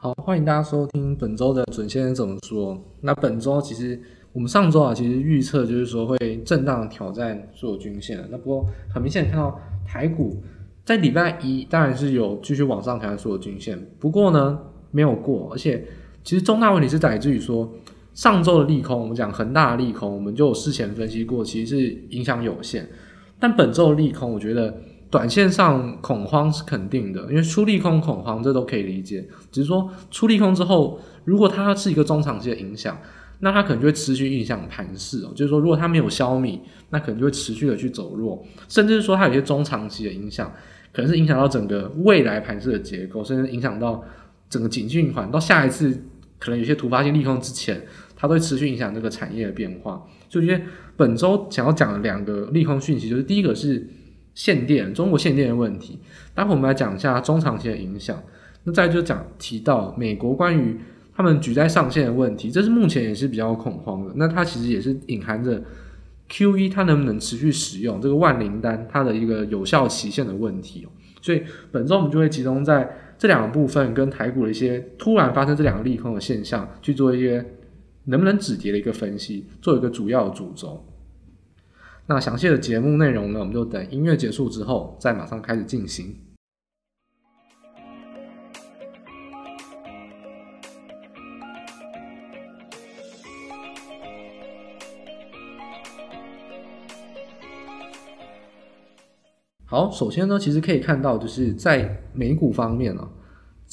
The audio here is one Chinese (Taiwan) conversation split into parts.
好，歡迎大家收聽本周的準先生怎麼說。那本周其實我們上周啊，其實預測就是說會震盪挑戰所有均線。那不過很明顯看到台股在禮拜一當然是有繼續往上挑戰所有均線，不過呢沒有過。而且其實重大問題是來自於說上周的利空，我們講恆大的利空，我們就有事前分析過，其實是影響有限。但本周的利空，我覺得。短線上恐慌是肯定的，因為出利空恐慌這都可以理解。只是說出利空之後，如果它是一個中長期的影響，那它可能就會持續影響盤勢哦。就是說，如果它沒有消弭，那可能就會持續的去走弱，甚至說它有些中長期的影響，可能是影響到整個未來盤勢的結構，甚至影響到整個景氣循環。到下一次可能有些突發性利空之前，它都會持續影響這個產業的變化。就因為本周想要講的兩個利空訊息，就是第一個是。限電，中國限電的問題，待會我們來講一下中長期的影響。那再就講提到美國關於他們舉債上限的問題，這是目前也是比較恐慌的。那它其實也是隱含着 QE 它能不能持續使用這個萬靈丹，它的一個有效期限的問題。所以本周我們就會集中在這兩個部分跟台股的一些突然發生這兩個利空的現象去做一些能不能止跌的一個分析，做一個主要的主軸。那詳細的節目內容呢，我們就等音樂結束之後，再馬上開始進行。好，首先呢，其實可以看到，就是在美股方面啊，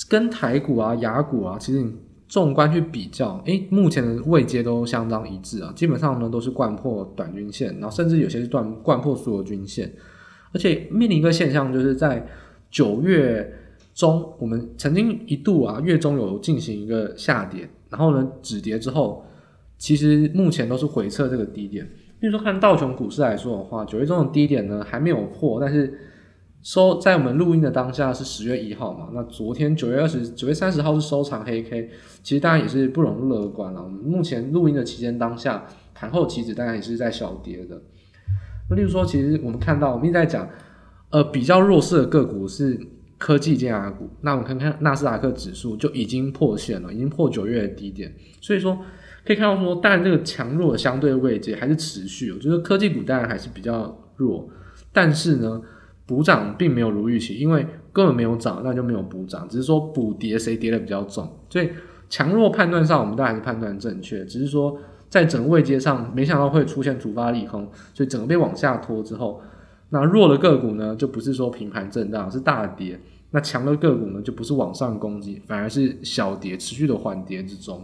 跟台股啊、亞股啊，其實。縱觀去比較，哎、欸，目前的位階都相當一致啊，基本上呢都是貫破短均線，然後甚至有些是斷灌破所有均線，而且面臨一個現象，就是在九月中，我們曾經一度啊月中有進行一個下跌，然後呢止跌之後，其實目前都是回測這個低點。比如說看道瓊股市來說的話，九月中的低點呢還沒有破，但是收，so, 在我們錄音的當下是十月一號嘛？那昨天九月二十九月三十號是收藏黑 K，其實大家也是不容樂觀了。我們目前錄音的期間當下，盤後期指當然也是在小跌的。那例如說，其實我們看到，我們一直在講，呃，比較弱勢的個股是科技尖牙股。那我們看看納斯達克指數就已經破線了，已經破九月的低點。所以說，可以看到說，當然這個強弱的相對位置還是持續。我覺得科技股當然還是比較弱，但是呢。補漲並沒有如預期，因為根本沒有漲，那就沒有補漲，只是說補跌，誰跌得比較重。所以強弱判斷上，我們大概還是判斷正確，只是說在整個位階上，沒想到會出現突發利空，所以整個被往下拖之後，那弱的個股呢，就不是說平盤震盪，是大跌；那強的個股呢，就不是往上攻擊，反而是小跌，持續的緩跌之中。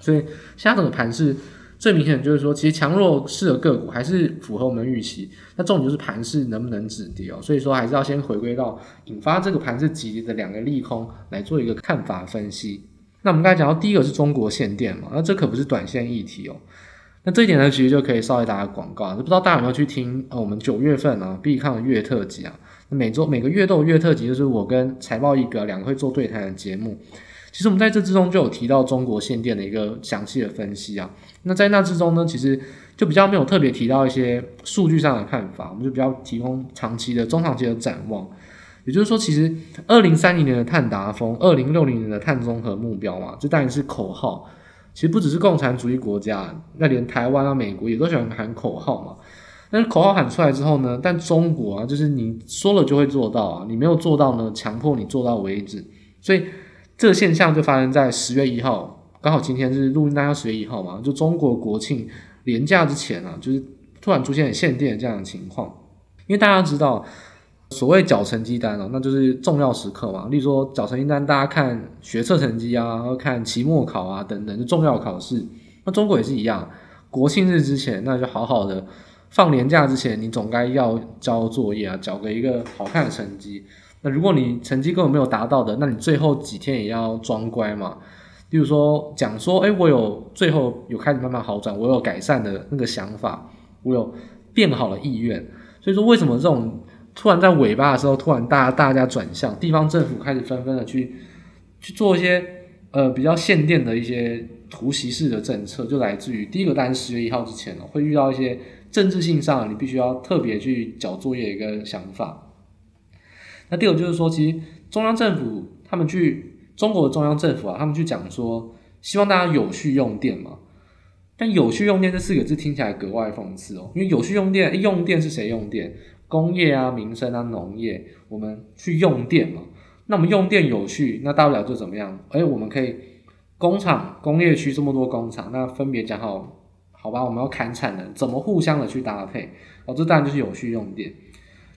所以下整個盤是。最明顯就是說，其實強弱勢的個股還是符合我們預期。那重點就是盤勢能不能止跌哦，所以說還是要先回歸到引發這個盤勢急跌的兩個利空來做一個看法分析。那我們剛才講到第一個是中國限電嘛，那這可不是短線議題哦、喔。那這一點呢，其實就可以稍微打個廣告，不知道大家有沒有去聽呃我們九月份呢必看月特輯啊，每周每個月都有月特輯，就是我跟財報一哥兩個會做對談的節目。其實我們在這之中就有提到中國限電的一個詳細的分析啊。那在那之中呢，其實就比較沒有特別提到一些數據上的看法，我們就比較提供長期的、中長期的展望。也就是說，其實二零三零年的碳達峰、二零六零年的碳中和目標嘛，就當然是口號。其實不只是共產主義國家，那連台灣啊、美國也都喜歡喊口號嘛。但是口號喊出來之後呢，但中國啊，就是你說了就會做到啊，你沒有做到呢，強迫你做到為止。所以。這個現象就發生在十月一號，剛好今天是錄音那天，十月一號嘛，就中國國慶連假之前啊，就是突然出現了限電這樣的情況。因為大家知道，所謂繳成績單哦，那就是重要時刻嘛，例如說繳成績單，大家看學測成績啊，然後看期末考啊等等的重要的考試。那中國也是一樣，國慶日之前，那就好好的放連假之前，你總該要交作業啊，繳個一個好看的成績。那如果你成績根本沒有達到的，那你最後幾天也要裝乖嘛，比如說講說，哎，我有最後有開始慢慢好轉，我有改善的那個想法，我有變好的意願。所以說為什麼這種突然在尾巴的時候，突然大家大家轉向，地方政府開始紛紛的去去做一些呃比較限電的一些突襲式的政策，就來自於第一個，當然是十月一號之前了，會遇到一些政治性上你必須要特別去交作業一個想法。那第二就是說，其實中央政府他們去中國的中央政府啊，他們去講說，希望大家有序用電嘛。但有序用電這四個字聽起來格外諷刺哦、喔，因為有序用電、欸，用電是誰用電？工業啊、民生啊、農業，我們去用電嘛。那我們用電有序，那大不了就怎麼樣？哎、欸，我們可以工廠、工業區這麼多工廠，那分別講好，好吧，我們要砍產能，怎麼互相的去搭配？哦、喔，這當然就是有序用電。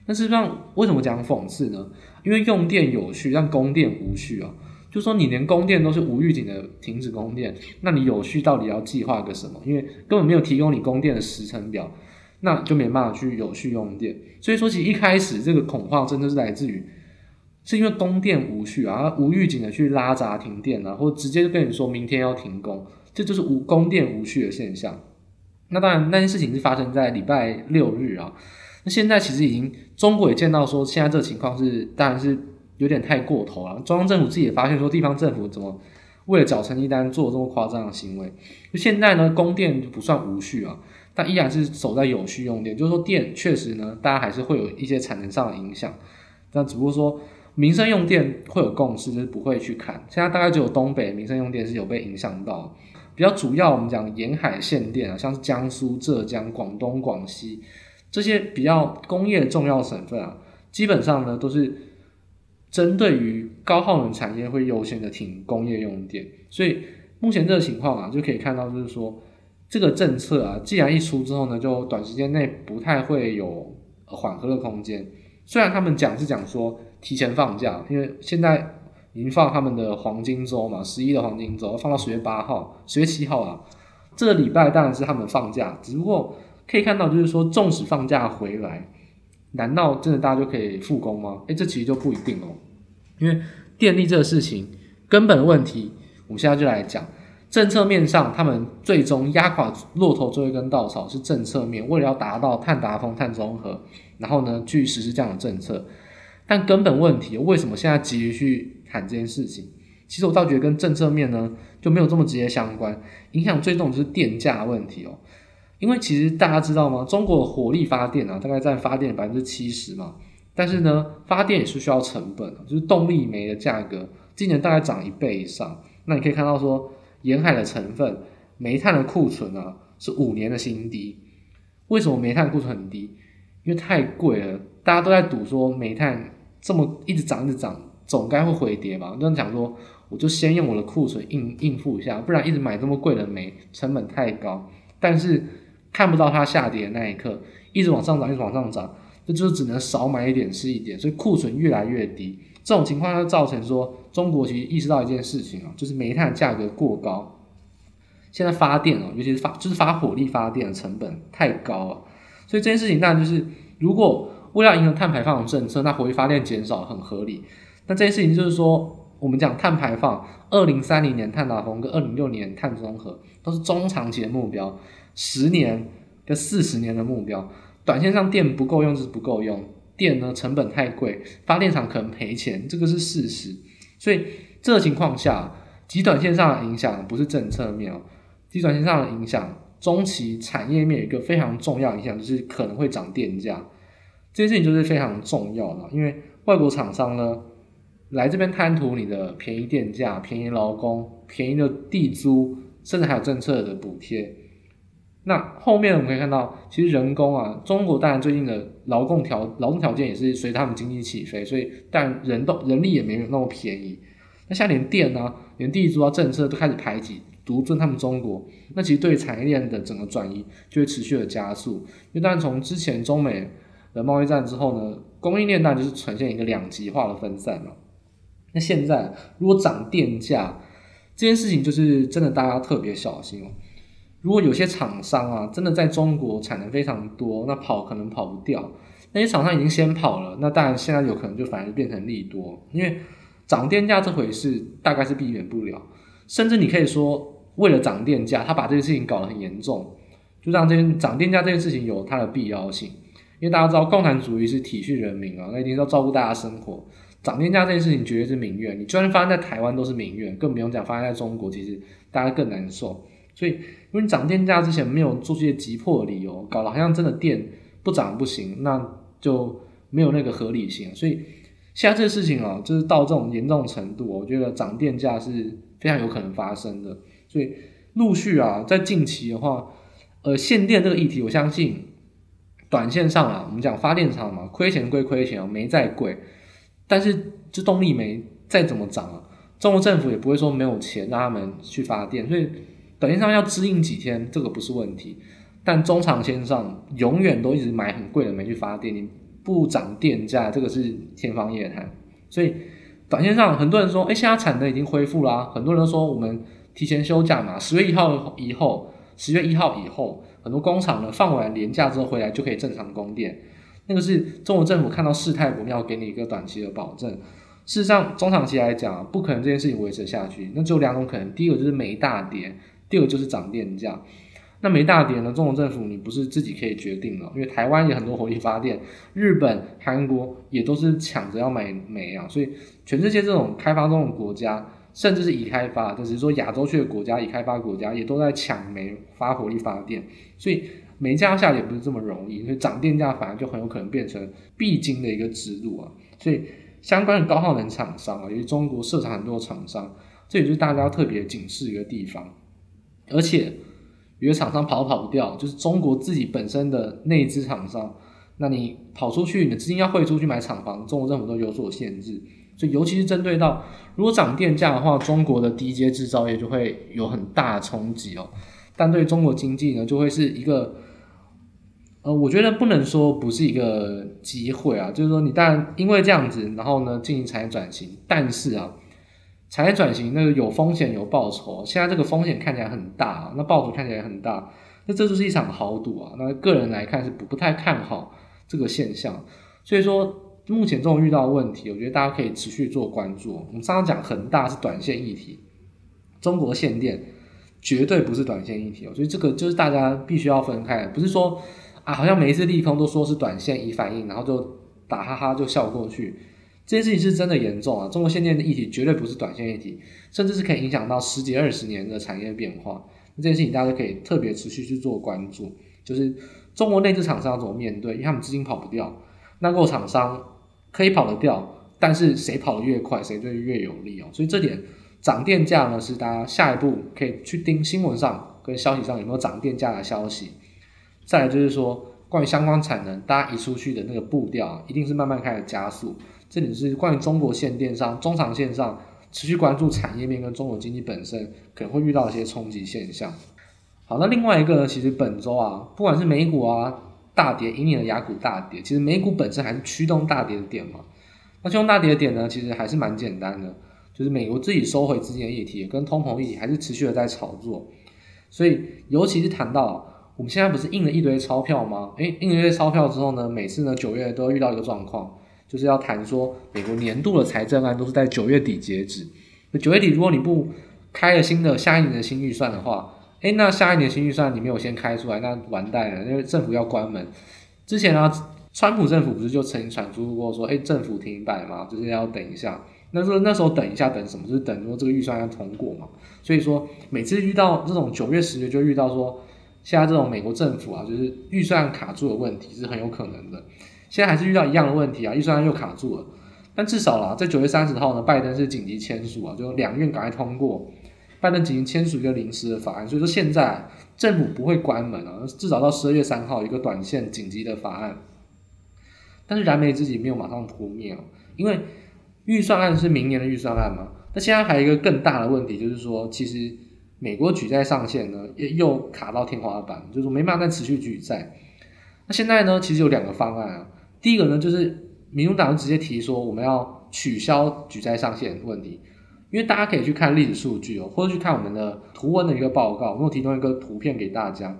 但事實上，為什麼講諷刺呢？因為用電有序，讓供電無序啊。就說你連供電都是無預警的停止供電，那你有序到底要計劃個什麼？因為根本沒有提供你供電的時程表，那就沒辦法去有序用電。所以說，其實一開始這個恐慌真的是來自於，是因為供電無序啊，無預警的去拉閘停電啊，或直接就跟你說明天要停工，這就是無供電無序的現象。那當然，那件事情是發生在禮拜六日啊。那現在其實已經，中國也見到說現在這個情況是，當然是有點太過頭了。中央政府自己也發現說，地方政府怎麼為了繳成績單做這麼誇張的行為。就現在呢，供電不算無序啊，但依然是守在有序用電，就是說電確實呢，大家還是會有一些產能上的影響。但只不過說民生用電會有共識，就是不會去砍。現在大概只有東北民生用電是有被影響到，比較主要我們講沿海限電啊，像是江蘇、浙江、廣東、廣西。這些比較工業重要省份啊，基本上呢都是針對於高耗能產業會優先的停工業用電，所以目前這個情況啊，就可以看到就是說，這個政策啊，既然一出之後呢，就短時間內不太會有緩和的空間。雖然他們講是講說提前放假，因為現在已經放他們的黃金週嘛，十一的黃金週放到十月八號、十月七號啊，這個禮拜當然是他們放假，只不過。可以看到，就是說，縱使放假回來，難道真的大家就可以復工嗎？誒、欸，這其實就不一定哦、喔。因為電力這個事情，根本的問題，我現在就來講。政策面上，他們最終壓垮駱駝最後一根稻草是政策面，為了要達到碳達峰、碳中和，然後呢，去實施這樣的政策。但根本問題，為什麼現在急於去談這件事情？其實我倒覺得跟政策面呢就沒有這麼直接相關，影響最重的是電價問題哦、喔。因為其實大家知道嗎？中國的火力發電啊，大概佔發電百分之七十嘛。但是呢，發電也是需要成本，就是動力煤的價格，今年大概漲一倍以上。那你可以看到說，沿海的成分，煤炭的庫存啊，是五年的新低。為什麼煤炭庫存很低？因為太貴了，大家都在賭說煤炭這麼一直漲，一直漲，總該會回跌嘛。就想說，我就先用我的庫存應應付一下，不然一直買這麼貴的煤，成本太高。但是。看不到它下跌的那一刻，一直往上漲，一直往上漲，這就是只能少買一點是一點，所以庫存越來越低。這種情況就造成說，中國其實意識到一件事情啊，就是煤炭價格過高，現在發電哦，尤其是發就是發火力發電的成本太高了。所以這件事情，那就是如果為了迎合碳排放的政策，那火力發電減少很合理。那這件事情就是說，我們講碳排放，二零三零年碳達峰跟二零六零年碳中和都是中長期的目標。十年跟四十年的目標，短線上電不夠用就是不夠用，電呢成本太貴，發電廠可能賠錢，這個是事實。所以這情況下，極短線上的影響不是政策面哦，極短線上的影響，中期產業面一個非常重要影響就是可能會漲電價，這件事情就是非常重要的，因為外國廠商呢來這邊貪圖你的便宜電價、便宜勞工、便宜的地租，甚至還有政策的補貼。那後面我們可以看到，其實人工啊，中國當然最近的勞動條勞動條件也是隨他們經濟起飛，所以但人都人力也沒有那麼便宜。那像限電啊，連地租啊、政策都開始排擠，獨尊他們中國，那其實對產業鏈的整個轉移就會持續的加速。因為但從之前中美的貿易戰之後呢，供應鏈那就是呈現一個兩極化的分散了。那現在如果漲電價這件事情，就是真的大家特別小心哦。如果有些廠商啊，真的在中國產能非常多，那跑可能跑不掉。那些廠商已經先跑了，那當然現在有可能就反而變成利多，因為漲電價這回事大概是避免不了。甚至你可以說，為了漲電價，他把這個事情搞得很嚴重，就讓這些漲電價這件事情有它的必要性。因為大家知道，共產主義是體恤人民啊，那一定要照顧大家生活。漲電價這件事情絕對是民怨，你就算發生在台灣都是民怨，更不用講發生在中國，其實大家更難受。所以。因為漲電價之前沒有做出一些急迫的理由，搞得好像真的電不漲不行，那就沒有那個合理性。所以現在這個事情啊，就是到這種嚴重程度，我覺得漲電價是非常有可能發生的。所以陸續啊，在近期的話，呃，限電這個議題，我相信短線上啊，我們講發電廠嘛，虧錢歸虧錢，沒再貴，但是這動力煤再怎麼漲啊，中國政府也不會說沒有錢讓他們去發電，所以。短線上要支應幾天，這個不是問題，但中長線上永遠都一直買很貴的煤去發電，你不漲電價，這個是天方夜譚。所以短線上很多人說，哎、欸，現在產能已經恢復啦、啊，很多人說我們提前休假嘛，十月一號以後，十月一號以後，很多工廠呢放完年假之後回來就可以正常供電，那個是中國政府看到事態，我們要給你一個短期的保證。事實上，中長期來講，不可能這件事情維持下去。那只有兩種可能，第一個就是煤大跌。第二就是漲電價，那煤大跌呢？中國政府你不是自己可以決定的，因為台灣也很多火力發電，日本、韓國也都是搶着要買煤啊，所以全世界這種開發中的國家，甚至是已開發，就是說亞洲區的國家，已開發國家也都在搶煤發火力發電，所以煤價下跌也不是這麼容易，所以漲電價反而就很有可能變成必經的一個之路啊，所以相關的高耗能廠商啊，因為中國設廠很多廠商，這也就是大家特別警示一個地方。而且，有些廠商跑跑不掉，就是中國自己本身的內資廠商。那你跑出去，你資金要匯出去買廠房，中國政府都有所限制。所以，尤其是針對到如果漲電價的話，中國的低階製造業就會有很大衝擊哦。但對中國經濟呢，就會是一個，呃，我覺得不能說不是一個機會啊，就是說你當然因為這樣子，然後呢進行產業轉型，但是啊。產業轉型，那個有風險有報酬，現在這個風險看起來很大，那報酬看起來很大，那這就是一場豪賭啊！那個人來看是不不太看好這個現象，所以說目前這種遇到問題，我覺得大家可以持續做關注。我們上次講恆大是短線議題，中國限電絕對不是短線議題，所以這個就是大家必須要分開，不是說啊，好像每一次利空都說是短線已反應，然後就打哈哈就笑過去。這件事情是真的嚴重啊！中國限電的議題絕對不是短線議題，甚至是可以影響到十幾二十年的產業變化。那這件事情大家就可以特別持續去做關注，就是中國內資廠商要怎麼面對，因為他們資金跑不掉，那購、個、廠商可以跑得掉，但是誰跑得越快，誰就越有利哦。所以這點漲電價呢，是大家下一步可以去盯新聞上跟消息上有沒有漲電價的消息。再來就是說，關於相關產能大家移出去的那個步調、啊，一定是慢慢開始加速。這裡是關於中國限電上，中長線上持續關注產業面跟中國經濟本身可能會遇到一些衝擊現象。好，那另外一個呢，其實本週啊，不管是美股啊大跌，引領亞股大跌，其實美股本身還是驅動大跌的點嘛。那驅動大跌的點呢，其實還是蠻簡單的，就是美國自己收回資金的議題跟通膨的議題還是持續的在炒作。所以，尤其是談到我們現在不是印了一堆鈔票嗎？誒印了一堆鈔票之後呢，每次呢九月都會遇到一個狀況。就是要談說，美國年度的財政案都是在九月底截止。九月底，如果你不開了新的下一年的新預算的話，誒、欸、那下一年的新預算你沒有先開出來，那完蛋了，因為政府要關門。之前啊，川普政府不是就曾經傳出過說，誒、欸、政府停擺嘛，就是要等一下。那時候那時候等一下等什麼？就是等說這個預算要通過嘛。所以說每次遇到這種九月十月，就遇到說，現在這種美國政府啊，就是預算卡住的問題是很有可能的。現在還是遇到一樣的問題啊，預算案又卡住了。但至少啦，在九月三十號呢，拜登是緊急簽署啊，就兩院趕快通過，拜登緊急簽署一個臨時的法案，所以說現在啊，政府不會關門啊，至少到十二月三號一個短線緊急的法案。但是燃眉之急沒有馬上撲滅啊，因為預算案是明年的預算案嘛。那現在還有一個更大的問題，就是說其實美國舉債上限呢又又卡到天花板，就是說沒辦法再持續舉債。那現在呢，其實有兩個方案啊。第一個呢，就是民主黨直接提說，我們要取消舉債上限問題，因為大家可以去看歷史數據哦，或者去看我們的圖文的一個報告，我們有提供一個圖片給大家。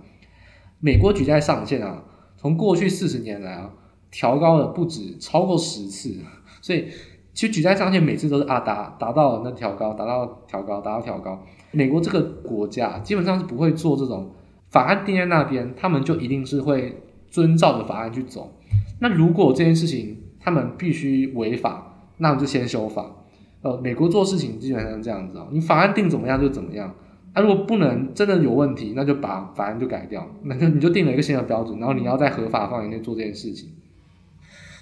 美國舉債上限啊，從過去四十年來啊，調高了不止超過十次，所以其實舉債上限每次都是啊達達到了那調高，達到調高，達到調高。美國這個國家基本上是不會做這種法案定在那邊，他們就一定是會遵照着法案去走。那如果這件事情他們必須違法，那我們就先修法。呃，美國做事情基本上這樣子哦，你法案定怎麼樣就怎麼樣。他、啊、如果不能真的有問題，那就把法案就改掉，那就你就定了一個新的標準，然後你要在合法範圍內做這件事情。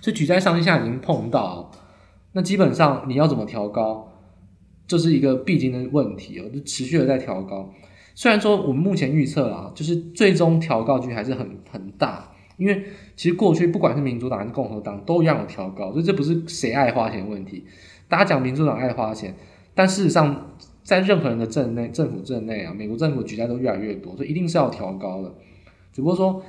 所以舉債上限現在已經碰到，那基本上你要怎麼調高，這、就是一個必經的問題哦，就持續的在調高。雖然說我們目前預測啊，就是最終調高距還是很很大。因為其實過去不管是民主黨還是共和黨都一樣有調高，所以這不是誰愛花錢的問題。大家講民主黨愛花錢，但事實上在任何人的政內、政府政內啊，美國政府舉債都越來越多，所以一定是要調高的。只不過說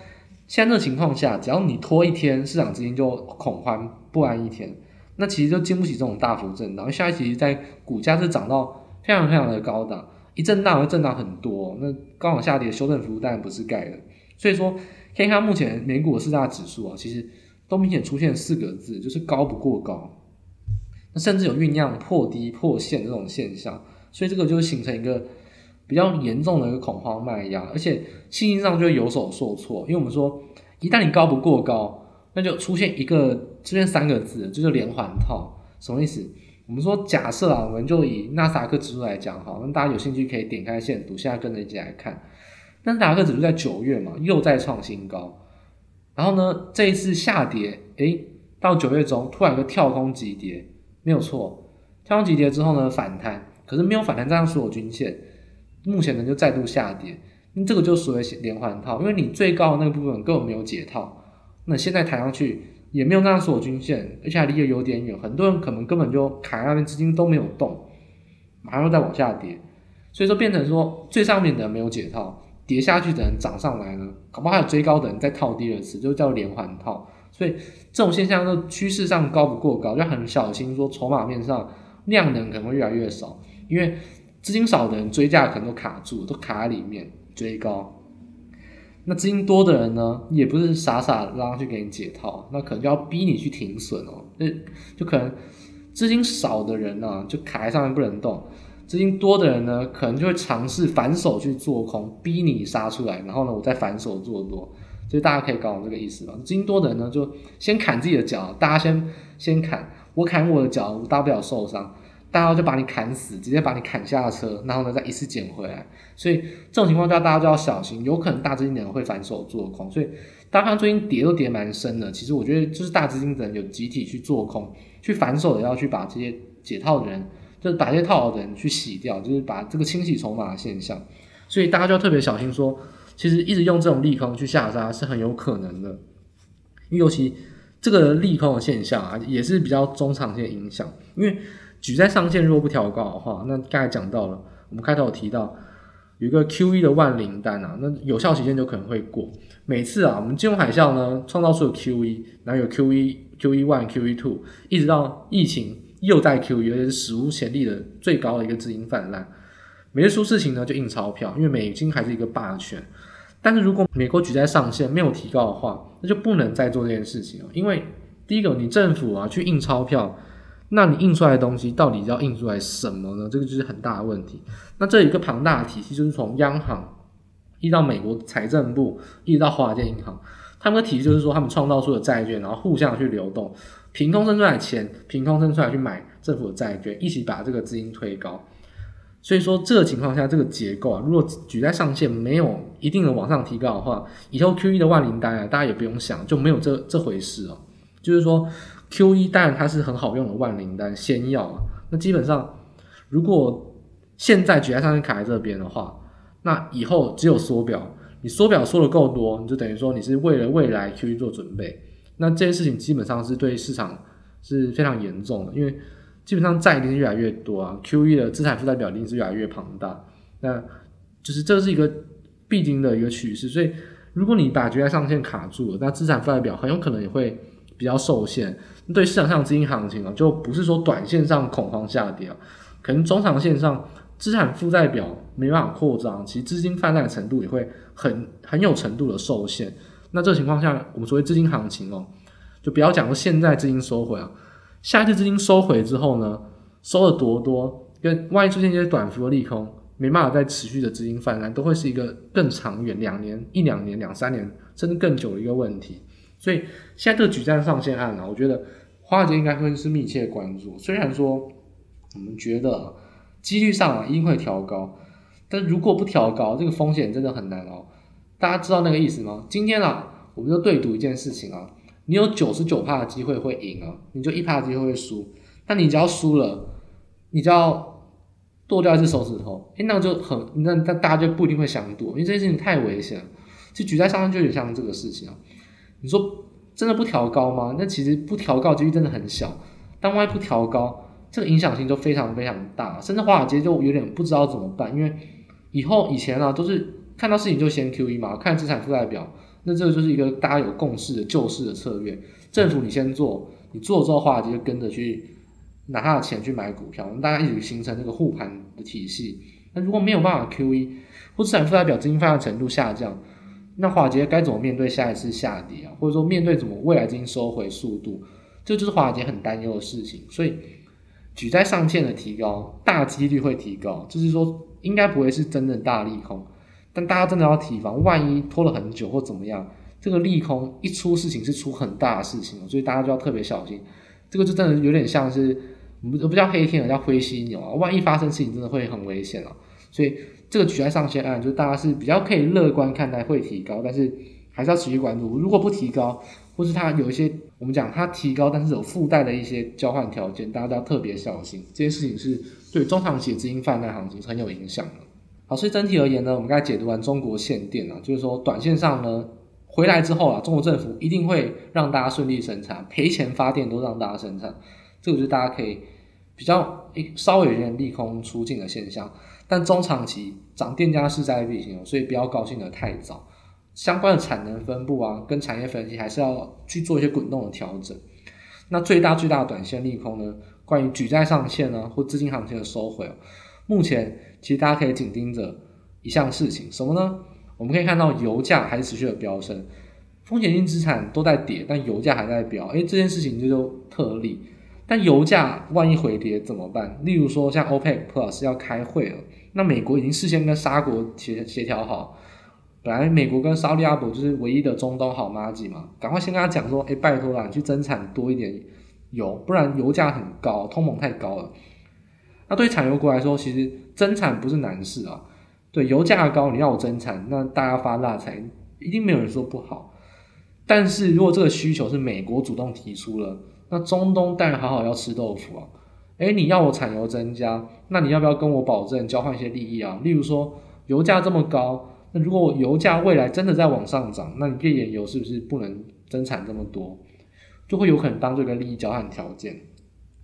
現在這個情況下，只要你拖一天，市場資金就恐慌不安一天，那其實就經不起這種大幅震盪。因為現在其實，在股價是漲到非常非常的高檔，一震盪會震盪很多，那高檔下跌的修正幅度當然不是蓋的，所以說。可以看目前美股的四大指數啊，其實都明顯出現四個字，就是高不過高，那甚至有醞釀破低破線這種現象，所以這個就形成一個比較嚴重的一個恐慌賣壓，而且信心上就會有所受挫。因為我們說，一旦你高不過高，那就出現一個，出現三個字，就是連環套，什麼意思？我們說假設啊，我們就以納斯達克指數來講哈，那大家有興趣可以點開線讀，下跟着一起來看。但是達克只是在九月嘛，又在創新高，然後呢，這一次下跌，哎，到九月中突然一個跳空急跌，沒有錯，跳空急跌之後呢，反彈，可是沒有反彈站上所有均線，目前呢就再度下跌，那這個就屬於連環套，因為你最高的那個部分根本沒有解套，那現在抬上去也沒有站上所有均線，而且還離得有點遠，很多人可能根本就卡那邊資金都沒有動，馬上又再往下跌，所以說，變成說最上面的沒有解套。跌下去的人漲上來呢，恐怕還有追高的人再套第二次，就叫連環套。所以這種現象，都趨勢上高不過高，就很小心說，籌碼面上量能可能會越來越少，因為資金少的人追價可能都卡住，都卡在裡面追高。那資金多的人呢，也不是傻傻拉去給你解套，那可能就要逼你去停損哦、喔。就就可能資金少的人呢、啊，就卡在上面不能動。資金多的人呢，可能就會嘗試反手去做空，逼你殺出來，然後呢，我再反手做多。所以大家可以搞懂這個意思吧？資金多的人呢，就先砍自己的腳，大家先先砍，我砍我的腳，我大不了受傷，大家就把你砍死，直接把你砍下車，然後呢再一次撿回來。所以這種情況下大家就要小心，有可能大資金的人會反手做空。所以大家看最近跌都跌蠻深的，其實我覺得就是大資金的人有集體去做空，去反手的要去把這些解套的人，就是把這些套牢的人去洗掉，就是把這個清洗籌碼的現象，所以大家就要特別小心說。說其實一直用這種利空去下殺是很有可能的，因為尤其這個利空的現象啊，也是比較中長線的影響。因為舉債上限如果不調高的話，那剛才講到了，我們開頭有提到有一個 QE 的萬靈丹啊，那有效期間就可能會過。每次啊，我們金融海嘯呢，創造出有 QE，然後有 QE、QE ONE、QE TWO，一直到疫情。又在 Q，原來是史無前例的最高的一個資金泛濫。每次出事情呢，就印鈔票，因為美金還是一個霸權。但是，如果美國舉債上限沒有提高的話，那就不能再做這件事情了。因為第一個，你政府啊去印鈔票，那你印出來的東西到底要印出來什麼呢？這個就是很大的問題。那這一個龐大的體系，就是從央行一直到美國財政部，一直到華爾街銀行，他們的體系就是說，他們創造出的債券，然後互相去流動。憑空生出來錢，憑空生出來去買政府的債券，一起把這個資金推高。所以說這個情況下這個結構啊，如果舉債上限沒有一定的往上提高的話，以後 QE 的萬靈丹啊，大家也不用想就沒有這這回事哦、啊。就是說 QE 當然它是很好用的萬靈丹仙藥啊。那基本上如果現在舉債上限卡在這邊的話，那以後只有縮表，你縮表縮的夠多，你就等於說你是為了未來 QE 做準備。那這些事情基本上是對市場是非常嚴重的，因為基本上債一定是越來越多啊，QE 的資產負債表一定是越來越龐大，那就是這是一個必經的一個趨勢。所以，如果你把舉債上限卡住了，那資產負債表很有可能也會比較受限。對市場上資金行情啊，就不是說短線上恐慌下跌啊，可能中長線上資產負債表沒辦法擴張，其實資金泛濫的程度也會很很有程度的受限。那這個情況下，我們所謂資金行情哦，就不要講說現在資金收回啊，下次資金收回之後呢，收的多多，跟萬一出現一些短幅的利空，沒辦法再持續的資金泛濫，都會是一個更長遠兩年、一兩年、兩三年甚至更久的一個問題。所以現在這個舉債上限案啊，我覺得華爾街應該會是密切的關注。雖然說我們覺得機率上啊一定會調高，但如果不調高，這個風險真的很難熬哦。大家知道那個意思嗎？今天啊，我們就對賭一件事情啊，你有九十九趴的機會會贏啊，你就一趴的機會會輸。但你只要輸了，你就要剁掉一隻手指頭。誒，那就很，那那大家就不一定會想躲，因為這件事情太危險了。其實舉債上限就有點像這個事情啊。你說真的不調高嗎？那其實不調高機率真的很小，但萬一不調高，這個影響性就非常非常大，甚至華爾街就有點不知道怎麼辦，因為以後以前啊都是。看到事情就先 QE 嘛，看資產負債表，那這個就是一個大家有共識的救市的策略。政府你先做，你做了之後，華爾街就跟着去拿他的錢去買股票，我們大家一起形成那個護盤的體系。那如果沒有辦法 QE 或資產負債表資金發展的程度下降，那華爾街該怎麼面對下一次下跌啊？或者說面對怎麼未來資金收回速度，這個就是華爾街很擔憂的事情。所以舉債上限的提高，大幾率會提高，就是說應該不會是真正大的利空。但大家真的要提防，萬一拖了很久或怎麼樣，這個利空一出，事情是出很大的事情，所以大家就要特別小心。這個就真的有點像是不不叫黑天鵝，叫灰犀牛啊。萬一發生事情，真的會很危險啊。所以這個舉債上限案，就大家是比較可以樂觀看待會提高，但是還是要持續關注。如果不提高，或是它有一些我們講它提高，但是有附帶的一些交換條件，大家都要特別小心。這些事情是對中長期的資金泛濫行情是很有影響的。好，所以整體而言呢，我們剛才解讀完中國限電啊，就是說，短線上呢回來之後啊，中國政府一定會讓大家順利生產，賠錢發電都讓大家生產，這個就是大家可以比較稍微有點利空出盡的現象。但中長期漲電價勢在必行，所以不要高興得太早。相關的產能分布啊，跟產業分析還是要去做一些滾動的調整。那最大最大的短線利空呢，關於舉債上限啊，或資金行情的收回、啊，目前。其實大家可以緊盯着一項事情，什麼呢？我們可以看到油價還持續的飆升，風險性資產都在跌，但油價還在飆。誒，這件事情就就特例。但油價萬一回跌怎麼辦？例如說像 OPEC Plus 要開會了，那美國已經事先跟沙國協協調好，本來美國跟沙利亞伯就是唯一的中東好麻吉嘛，趕快先跟他講說，誒拜託了、啊，你去增產多一點油，不然油價很高，通膨太高了。那對於產油國來說，其實。增產不是難事啊，對，油價高，你要我增產，那大家發大財，一定沒有人說不好。但是如果這個需求是美國主動提出了，那中東當然好好要吃豆腐啊。誒、欸，你要我產油增加，那你要不要跟我保證交換一些利益啊？例如說，油價這麼高，那如果油價未來真的在往上漲，那你頁岩油是不是不能增產這麼多？就會有可能當作一個利益交換條件。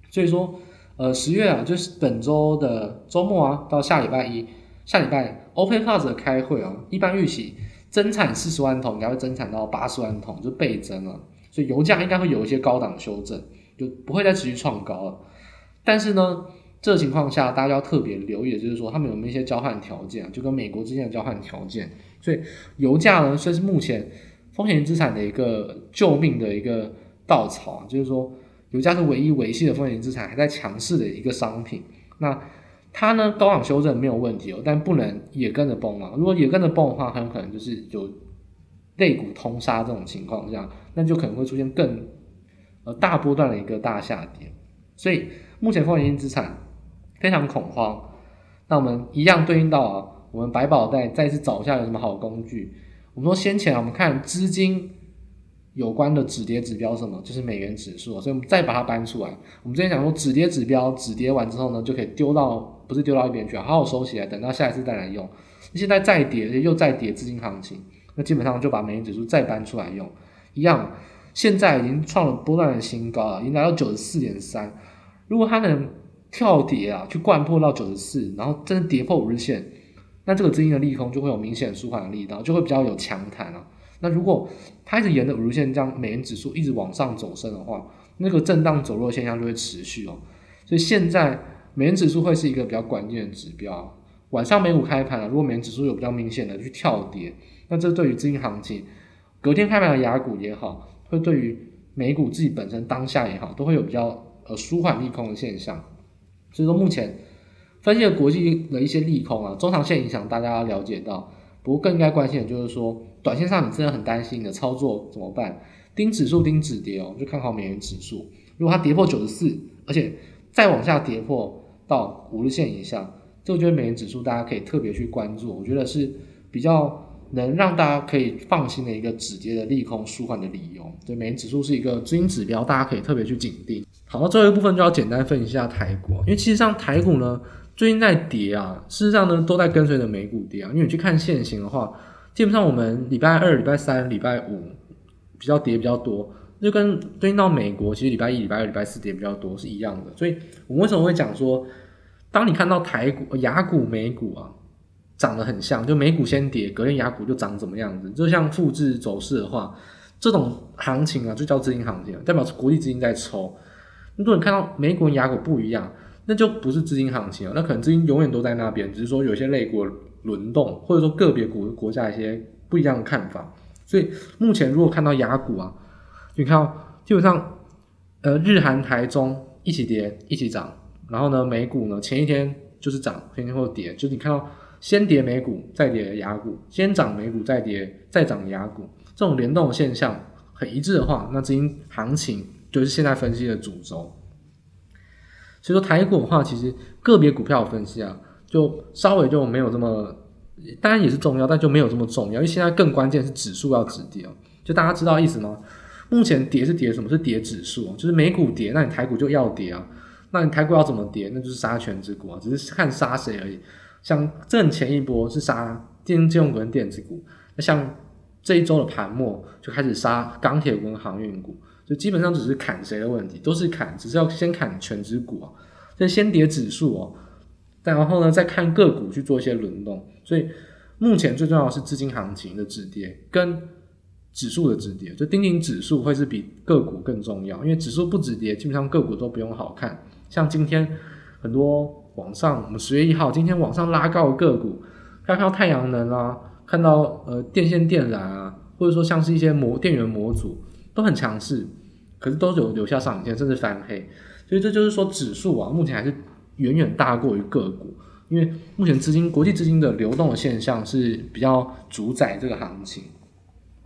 所以說。呃，十月啊，就是本周的周末啊，到下禮拜一、下禮拜 OPEC+ 開會啊，一般預期增產四十萬桶，應該會增產到八十萬桶，就倍增了。所以油價應該會有一些高檔修正，就不會再持續創高了。但是呢，這個情況下大家要特別留意，就是說他們有沒有一些交換條件啊，就跟美國之間的交換條件。所以油價呢，算是目前風險資產的一個救命的一個稻草啊，就是說。油價是唯一維繫的風險資產，還在強勢的一個商品。那它呢？高檔修正沒有問題哦，但不能也跟着崩啊！如果也跟着崩的話，很有可能就是有類股通殺，這種情況下，那就可能會出現更呃大波段的一個大下跌。所以目前風險性資產非常恐慌。那我們一樣對應到啊，我們百寶袋再次找一下有什麼好工具。我們說先前啊，我們看資金。有關的止跌指標什麼，就是美元指數，所以我們再把它搬出來。我們之前想說止跌指標，止跌完之後呢，就可以丟到，不是，丟到一邊去，好好收起來，等到下一次再來用。現在再跌，又再跌，資金行情，那基本上就把美元指數再搬出來用，一樣。現在已經創了波段的新高了，已經來到九十四點三。如果它能跳跌啊，去灌破到九十四，然後真的跌破五日線，那這個資金的利空就會有明顯舒緩的力道，就會比較有強彈啊。那如果它一直沿着五日線這樣，美元指數一直往上走升的話，那個震盪走弱現象就會持續哦。所以現在美元指數會是一個比較關鍵的指標。晚上美股開盤啊，如果美元指數有比較明顯的去跳跌，那這對於資金行情，隔天開盤的亞股也好，會對於美股自己本身當下也好，都會有比較呃舒緩利空的現象。所以說目前分析的國際的一些利空啊，中長線影響大家要了解到。不過更應該關心的就是說，短線上你真的很擔心你的操作怎麼辦？盯指數，盯止跌哦、喔，就看好美元指數。如果它跌破九十四，而且再往下跌破到五日線以下，這個就是美元指數大家可以特別去關注。我覺得是比較能讓大家可以放心的一個止跌的利空舒緩的理由。所以美元指數是一個資金指標，大家可以特別去警惕。好，了最後一部分就要簡單分析一下台股、啊，因為其實像台股呢。最近在跌啊，事實上呢，都在跟隨着美股跌啊。因為你去看線型的話，基本上我們禮拜二、禮拜三、禮拜五比較跌比較多，就跟對應到美國，其實禮拜一、禮拜二、禮拜四跌比較多是一樣的。所以，我們為什麼會講說，當你看到台股、亞股、美股啊長得很像，就美股先跌，隔天亞股就漲怎麼樣子，就像複製走勢的話，這種行情啊，就叫資金行情，代表是國際資金在抽。如果你看到美股跟亞股不一樣。那就不是資金行情了，那可能資金永遠都在那邊，只是說有些類股輪動，或者說個別股國家一些不一樣的看法。所以目前如果看到亞股啊，你看到基本上呃日韓台中一起跌一起漲，然後呢美股呢前一天就是漲，前一天會跌，就你看到先跌美股再跌亞股，先漲美股再跌再漲亞股，這種聯動的現象很一致的話，那資金行情就是現在分析的主軸。所以說台股的話，其實個別股票分析啊，就稍微就沒有這麼，當然也是重要，但就沒有這麼重要。因為現在更關鍵是指數要止跌啊，就大家知道意思嗎？目前跌是跌什麼？是跌指數啊，就是美股跌，那你台股就要跌啊。那你台股要怎麼跌？那就是殺權值股啊，只是看殺誰而已。像之前一波是殺電金融股跟電子股，那像這一週的盤末就開始殺鋼鐵股跟航運股。就基本上只是砍誰的問題，都是砍，只是要先砍權值股啊，就是、先跌指數哦，再然後呢，再看個股去做一些輪動。所以目前最重要的是資金行情的止跌跟指數的止跌，就盯緊指數會是比個股更重要，因為指數不止跌，基本上個股都不用好看。像今天很多往上，我們十月一號今天往上拉高的個股，看到太陽能啊，看到呃電線電纜啊，或者說像是一些模電源模組都很強勢，可是都有留下上影線，甚至翻黑，所以這就是說指數啊，目前還是遠遠大過於個股，因為目前資金國際資金的流動的現象是比較主宰這個行情，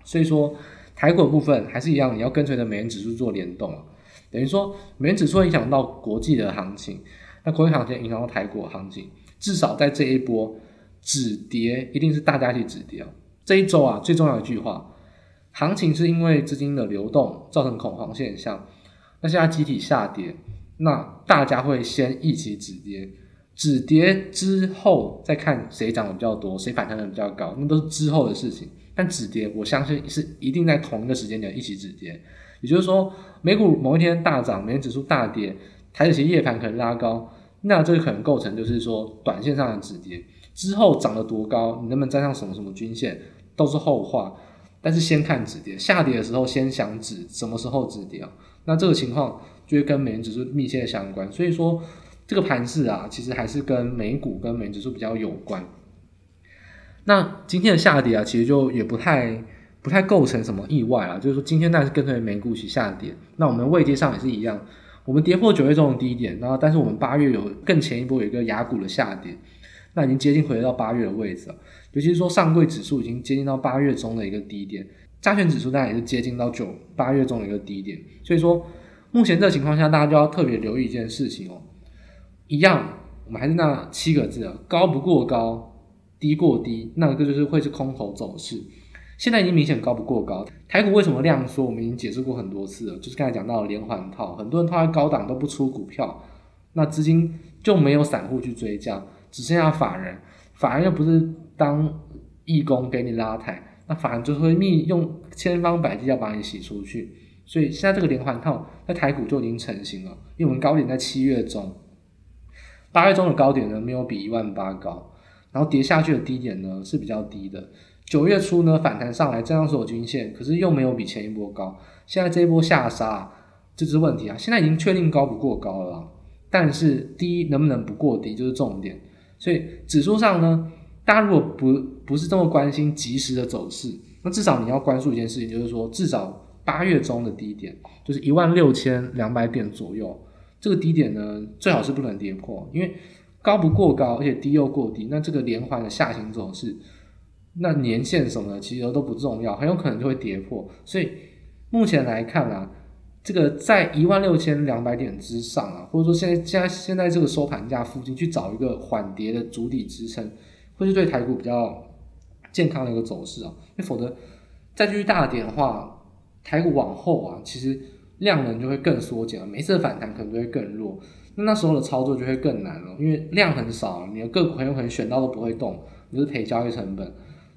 所以說台股的部分還是一樣，你要跟隨着美元指數做聯動啊，等於說美元指數會影響到國際的行情，那國際行情影響到台股行情，至少在這一波止跌，一定是大家一起止跌啊，這一周啊，最重要的一句話。行情是因為資金的流動造成恐慌現象，那現在集體下跌，那大家會先一起止跌，止跌之後再看誰漲得比較多，誰反彈得比較高，那都是之後的事情。但止跌，我相信是一定在同一個時間點一起止跌。也就是說，美股某一天大漲，美元指數大跌，台股其實夜盤可能拉高，那這個可能構成就是說短線上的止跌，之後漲得多高，你能不能站上什麼什麼均線，都是後話。但是先看止跌，下跌的時候先想止，什麼時候止跌啊？那這個情況就會跟美元指數密切相關，所以說這個盤勢啊，其實還是跟美股跟美元指數比較有關。那今天的下跌啊，其實就也不太不太構成什麼意外啊。就是說今天那是跟隨美股一起下跌，那我們位階上也是一樣，我們跌破九月中旬低點，然後但是我們八月有更前一波有一個亞股的下跌。那已經接近回到八月的位置了，尤其是說上櫃指數已經接近到八月中的一個低點，加權指數當然也是接近到九八月中的一個低點，所以說目前這個情況下，大家就要特別留意一件事情哦。一樣，我們還是那七個字了：高不過高，低過低，那個就是會是空頭走勢。現在已經明顯高不過高，台股為什麼量縮？我們已經解釋過很多次了，就是剛才講到連環套，很多人套在高檔都不出股票，那資金就沒有散戶去追加。只剩下法人，法人又不是當義工給你拉抬，那法人就會命用千方百計要把你洗出去。所以現在這個連環套在台股就已經成型了。因為我們高點在七月中，八月中的高點呢，沒有比一萬八高，然後跌下去的低點呢，是比較低的。九月初呢，反彈上來，站上所有均線，可是又沒有比前一波高。現在這一波下殺，啊，這是問題啊！現在已經確定高不過高了，啊，但是低能不能不過低就是重點。所以指數上呢，大家如果不不是這麼關心即時的走勢，那至少你要關注一件事情，就是說至少八月中的低點就是一萬六千兩百點左右，這個低點呢最好是不能跌破，因為高不過高，而且低又過低，那這個連環的下行走勢，那年線什麼的其實都不重要，很有可能就會跌破。所以目前來看啊。這個在一萬六千兩百點之上啊，或者說現在、現在、現在這個收盤價附近去找一個緩跌的主體支撐，會是對台股比較健康的一個走勢啊。因為否則再繼續大跌的話，台股往後啊，其實量能就會更縮減了，每一次的反彈可能都會更弱，那那時候的操作就會更難了，因為量很少，你的個股很有可能選到都不會動，你就賠交易成本。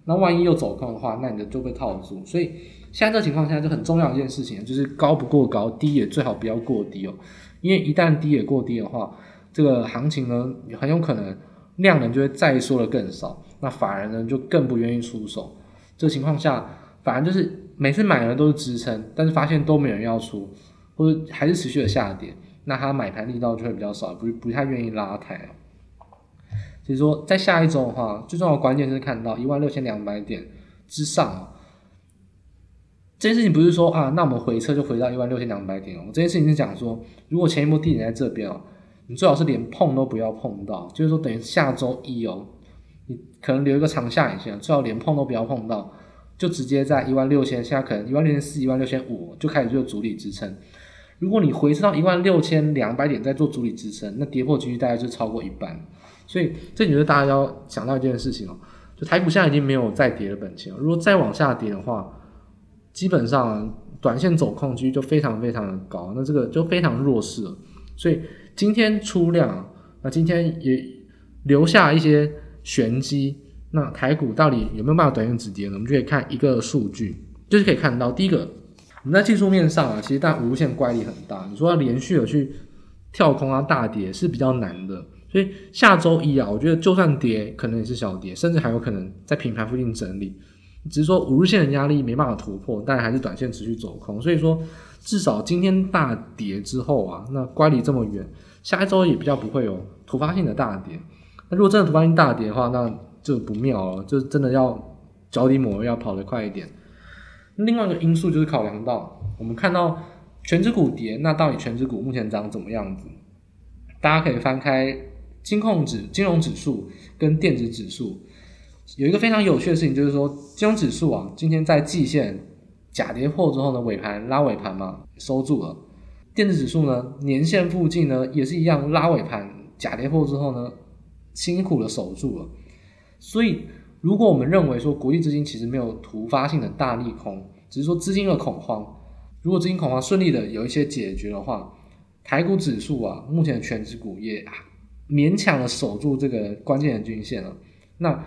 那萬一又走空的話，那你的就被套住，所以。現在這個情況下就很重要的一件事情，就是高不過高，低也最好不要過低哦、喔，因為一旦低也過低的話，這個行情呢很有可能量能就會再縮的更少，那法人呢就更不願意出手。這個、情況下反而就是每次買了都是支撐，但是發現都沒有人要出，或者還是持續的下跌，那他買盤力道就會比較少，不不太願意拉抬哦。所以說，在下一周的話，最重要的關鍵是看到一萬六千兩百點之上。這件事情不是說啊，那我們回撤就回到一萬六千兩百點哦。這件事情是講說，如果前一波低點在這邊哦，你最好是連碰都不要碰到，就是說等於下周一哦，你可能留一個長下影線，最好連碰都不要碰到，就直接在一萬六千，現在可能一萬六千四、一萬六千五就開始做主力支撐。如果你回升到一萬六千兩百點再做主力支撐，那跌破的機率大概就超過一半。所以這你就是大家要想到一件事情哦，就台股現在已經沒有再跌的本錢了，如果再往下跌的話。基本上短線走空機率就非常非常的高，那這個就非常弱勢了。所以今天出量，啊，那今天也留下一些玄機。那台股到底有沒有辦法短線止跌呢？我們就可以看一個數據，就是可以看到。第一個，我們在技術面上啊，其實大無線乖離很大。你說要連續的去跳空啊大跌是比較難的。所以下周一啊，我覺得就算跌，可能也是小跌，甚至還有可能在平台附近整理。只是說五日線的壓力沒辦法突破，但還是短線持續走空。所以說，至少今天大跌之後啊，那乖離這麼遠，下一周也比較不會有突發性的大跌。那如果真的突發性大跌的話，那就不妙了，就真的要腳底抹油，要跑得快一點。另外一個因素就是考量到我們看到權值股跌，那到底權值股目前長怎麼樣子？大家可以翻開金控指、金融指數跟電子指數。有一個非常有趣的事情，就是說金融指數啊，今天在季線假跌破之後呢，尾盤拉尾盤嘛，收住了。電子指數呢，年線附近呢也是一樣，拉尾盤假跌破之後呢，辛苦的守住了。所以，如果我們認為說國際資金其實沒有突發性的大利空，只是說資金的恐慌，如果資金恐慌順利的有一些解決的話，台股指數啊，目前的權值股也、啊、勉強的守住這個關鍵的均線了，那。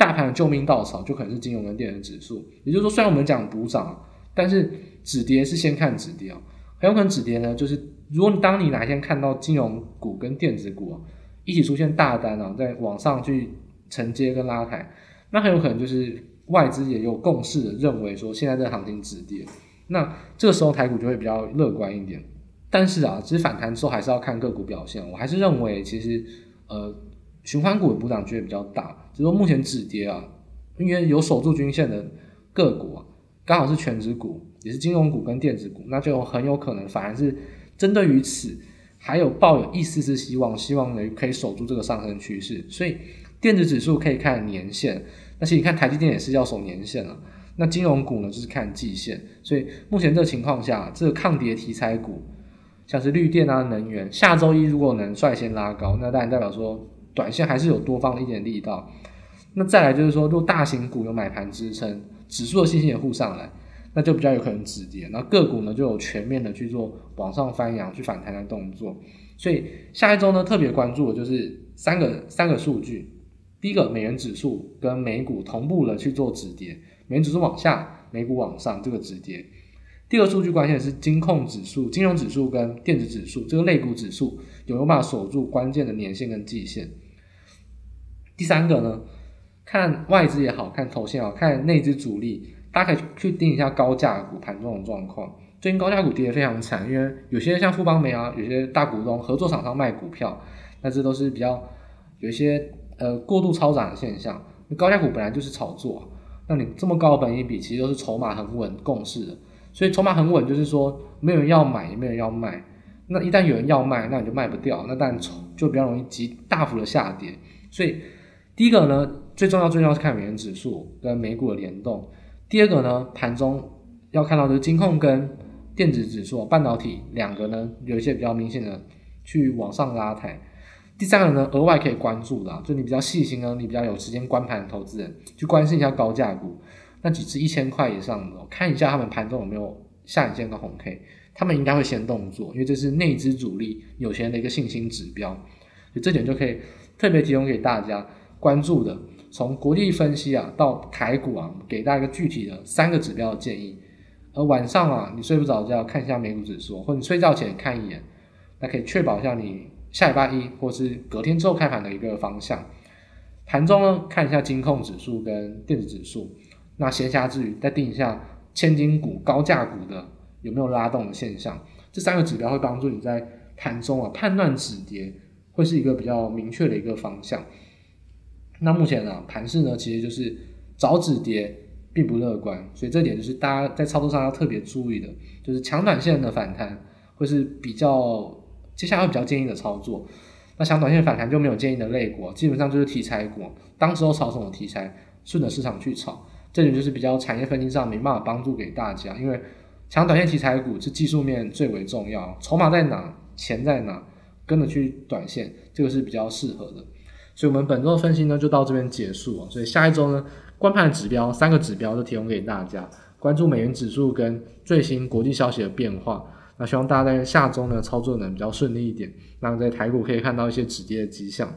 大盤的救命稻草就可能是金融跟電子指數，也就是說，雖然我們講補漲，但是止跌是先看止跌啊，很有可能止跌呢，就是如果你當你哪天看到金融股跟電子股啊一起出現大單啊，在往上去承接跟拉抬，那很有可能就是外資也有共識的認為說，現在這個行情止跌，那這個時候台股就會比較樂觀一點。但是啊，其實反彈的時候還是要看個股表現，我還是認為其實呃循環股的補漲機會比較大。比如說目前止跌啊，因為有守住均線的個股啊，剛好是權值股，也是金融股跟電子股，那就很有可能反而是針對於此，還有抱有一絲絲希望，希望呢可以守住這個上升趨勢。所以電子指數可以看年線，但是你看台積電也是要守年線了啊。那金融股呢，就是看季線。所以目前這個情況下，這個抗跌題材股，像是綠電啊、能源，下周一如果能率先拉高，那當然代表說短線還是有多方一點力道。那再來就是說，如果大型股有買盤支撐，指數的信心也護上來，那就比較有可能止跌。那個股呢，就有全面的去做往上翻揚、去反彈的動作。所以下一周呢，特別關注的就是三個三個數據。第一個，美元指數跟美股同步的去做止跌，美元指數往下，美股往上，這個止跌。第二個數據關鍵是金控指數、金融指數跟電子指數，這個類股指數有沒有辦法守住關鍵的年線跟季線。第三個呢？看外資也好看投信啊，看內資主力，大家可以去盯一下高價股盤這種狀況。最近高價股跌得非常慘，因為有些像富邦媒啊，有些大股東合作廠商賣股票，那這都是比較有一些呃過度超漲的現象。高價股本來就是炒作，那你這麼高的本益比，其實都是籌碼很穩、共識的。所以籌碼很穩，就是說沒有人要買，也沒有人要賣。那一旦有人要賣，那你就賣不掉，那但就比較容易急大幅的下跌。所以第一個呢。最重要、最重要是看美元指數跟美股的聯動。第二個呢，盤中要看到的是金控跟電子指數、半導體兩個呢有一些比較明顯的去往上拉抬。第三個呢，額外可以關注的啊，就你比較細心啊，你比較有時間觀盤的投資人，去關心一下高價股那幾隻一千塊以上的，看一下他們盤中有沒有下影線跟紅 K，他們應該會先動作，因為這是內資主力有錢人的一個信心指標。就這點就可以特別提供給大家關注的。從國際分析啊到台股啊，給大家一個具體的三個指標的建議。而晚上啊，你睡不着覺看一下美股指數，或者你睡覺前看一眼，那可以確保一下你下禮拜一或是隔天之後開盤的一個方向。盤中呢，看一下金控指數跟電子指數。那閒暇之餘再盯一下千金股、高價股的有沒有拉動的現象。這三個指標會幫助你在盤中啊判斷止跌，會是一個比較明確的一個方向。那目前呢、啊，盤勢呢，其實就是找止跌並不樂觀，所以這點就是大家在操作上要特別注意的，就是強短線的反彈會是比較接下來會比較建議的操作。那強短線反彈就沒有建議的類股，基本上就是題材股，當時候炒什麼題材，順着市場去炒，這裡就是比較產業分析上沒辦法幫助給大家，因為強短線題材股是技術面最為重要，籌碼在哪，錢在哪，跟着去短線，這個是比較適合的。所以我們本周的分析呢，就到這邊結束啊，所以下一周呢，觀盤指標三個指標都提供給大家，關注美元指數跟最新國際消息的變化。那希望大家在下周呢操作能比較順利一點，那在台股可以看到一些止跌的跡象。